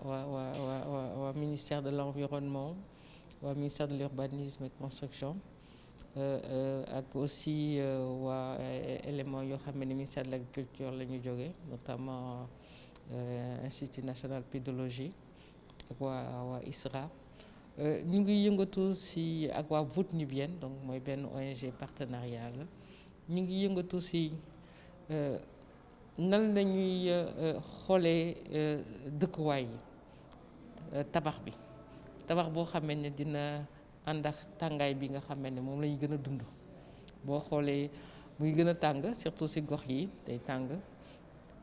waa waa waa waa waa ministère de l'environnement waa ministère de l'urbanisme et construction euh, euh, ak aussi euh, waa élément yoo xam ne ministère de l'agriculture la ñu jógee notamment institut national pédologie ak waa waa ISRA ñu ngi yëngatu si ak waa voûte nubienne donc mooy benn ONG partenariat la ñu ngi yëngatu si nan la ñuy xoolee dëkkuwaay tabax bi tabax boo xamee ne dina ànd ak tàngaay bi nga xamee ne moom la ñu gën a dund boo xoolee muy gën a tàng surtout si gox yi tey tàng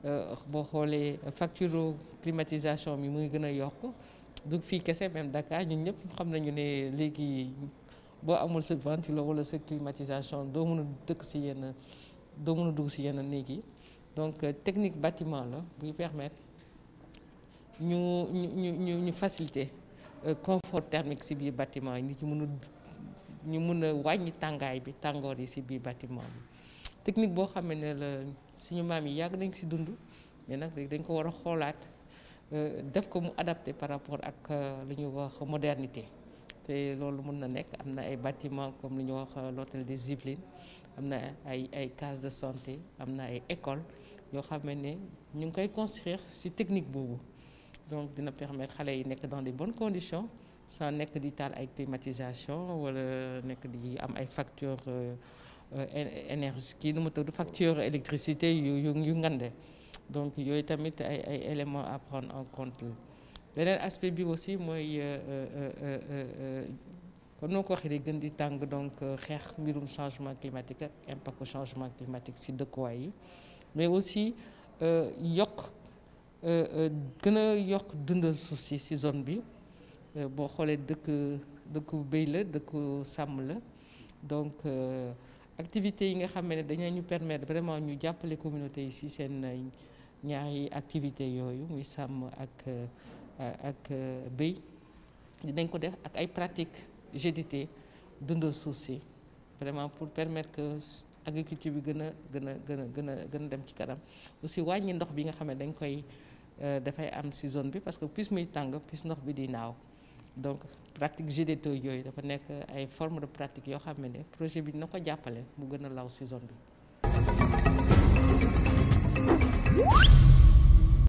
euh, boo xoolee facture climatisation bi muy gën a yokk du fii kese même Dakar ñun ñëpp xam nañu ne léegi boo amul sa ventilo wala sa climatisation doo mën a dëkk si yenn doo mën dugg si yenn néegi donc euh, technique bâtiment la buy permettre ñu ñu ñu ñu facilité euh, confort thermique ci biir bâtiment yi ñu ci mën a ñu mun a wàññi tàngaay bi tàngoor yi ci biir bâtiment bi technique boo xam ne la suñu maam yi yàgg nañ ci dund mais nag dañ ko war a xoolaat euh, def ko mu adapté par rapport ak euh, lu ñu wax modernité te loolu mun na nekk am na ay bâtiment comme lu ñu wax l'hôtel des Yvelines am na ay ay case de santé am na ay école yoo xam ne ñu ngi koy construire ci technique boobu donc dina permettre xale yi nekk dans des bonnes conditions san nekk di taal ay climatisation wala nekk di am ay facture euh, énergie kii nu mu tudd facture électricité yu yu yu ngande donc yooyu tamit ay ay éléments à prendre en compte la beneen aspect bi aussi mooy kon euh, euh, noo ko waxee di gën di tàng donc xeex mbirum changement climatique ak impact changement climatique si dëkkuwaay yi mais aussi yokk Euh, euh, gën a yokk dundal suuf si si zone bi euh, boo xoolee dëkk dëkku béy la dëkku sàmm la donc activités yi nga xam ne dañoo ñu permettre vraiment ñu jàppale communauté yi si seen ñaari activités yooyu muy sàmm ak ak béy dinañ ko def ak ay pratiques GDT dundal suuf si vraiment pour permettre que agriculture bi gën a gën a gën a gën a gën dem ci kanam aussi wàññi ndox bi nga xam ne dañ koy euh, dafay am si zone bi parce que plus muy tàng pis ndox bi di naaw donc pratique GDT yooyu dafa nekk ay forme de pratique yoo xam ne projet bi na ko jàppale mu gën a law si zone bi